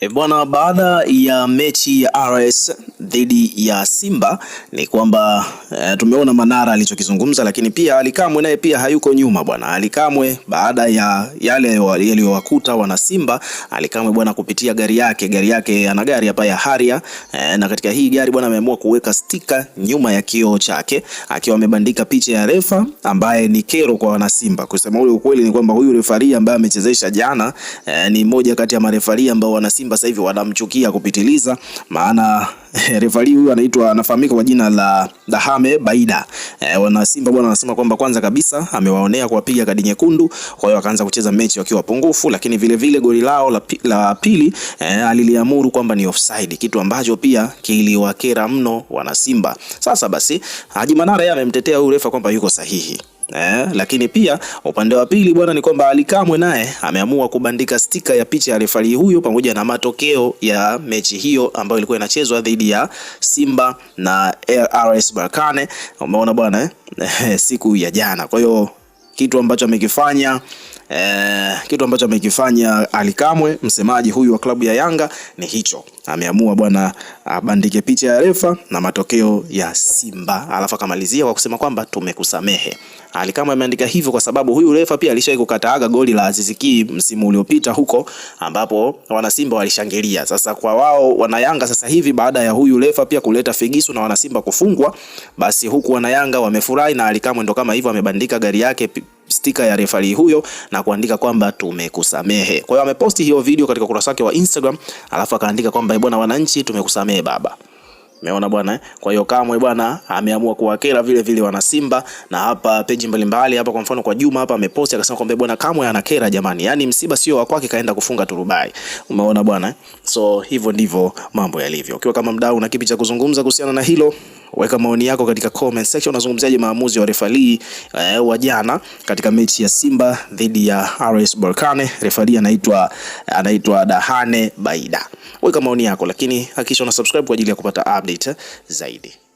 E bwana, baada ya mechi ya RS dhidi ya Simba ni kwamba e, tumeona Manara alichokizungumza, lakini pia Alikamwe naye pia hayuko nyuma bwana. Alikamwe baada ya yale yaliyowakuta wana Simba, Alikamwe bwana kupitia gari yake gari yake ana gari hapa ya Harrier e, eh, na katika hii gari bwana ameamua kuweka stika nyuma ya kioo chake akiwa amebandika picha ya refa ambaye ni kero kwa wana Simba. Kusema ule ukweli ni kwamba huyu refari ambaye amechezesha jana e, ni mmoja kati ya marefari ambao wana Simba sasa hivi wanamchukia kupitiliza maana refari huyu anaitwa anafahamika kwa jina la Dahame Baida. E, wana Simba bwana wanasema kwamba kwanza kabisa amewaonea kuwapiga kadi nyekundu, kwa hiyo wakaanza kucheza mechi wakiwa pungufu, lakini vile vile goli lao la, la pili e, aliliamuru kwamba ni offside, kitu ambacho pia kiliwakera mno wana Simba. Sasa basi Haji Manara yeye amemtetea huyu refa kwamba yuko sahihi eh, lakini pia upande wa pili bwana ni kwamba alikamwe naye ameamua kubandika stika ya picha ya refari huyo pamoja na matokeo ya mechi hiyo ambayo ilikuwa inachezwa dhidi ya Simba na RS Berkane. Umeona bwana eh? siku ya jana. Kwa hiyo kitu ambacho amekifanya Eh, kitu ambacho amekifanya Alikamwe, Kamwe, msemaji huyu wa klabu ya Yanga, ni hicho. Ameamua bwana abandike picha ya refa na matokeo ya Simba, alafu akamalizia kwa kusema kwamba tumekusamehe. Alikama ameandika hivyo kwa sababu huyu refa pia alishawahi kukataaga goli la Aziziki msimu uliopita huko ambapo wanasimba walishangilia. Sasa kwa wao wanayanga sasa hivi baada ya huyu refa pia kuleta figisu na wanasimba kufungwa, basi huku wanayanga wamefurahi na Alikama ndo kama hivyo amebandika gari yake stika ya refari huyo na kuandika kwamba tumekusamehe. Kwa hiyo ameposti hiyo video katika ukurasa wake wa Instagram, alafu akaandika kwamba bwana, wananchi tumekusamehe baba. Umeona bwana eh? Kwa hiyo Kamwe bwana ameamua kuwakera vile vile wana Simba na hapa peji mbalimbali hapa kwa mfano kwa Juma hapa ameposti akasema kwamba eh, bwana Kamwe anakera jamani. Yaani msiba sio wa kwake kaenda kufunga turubai. Umeona bwana eh? So hivyo ndivyo mambo yalivyo. Ukiwa kama mdau na kipi cha kuzungumza kuhusiana na hilo Weka maoni yako katika comment section. Unazungumziaje maamuzi ya refali uh, eh, wa jana katika mechi ya Simba dhidi ya RS Berkane? Refali anaitwa anaitwa Dahane Baida. Weka maoni yako, lakini hakikisha una subscribe kwa ajili ya kupata update zaidi.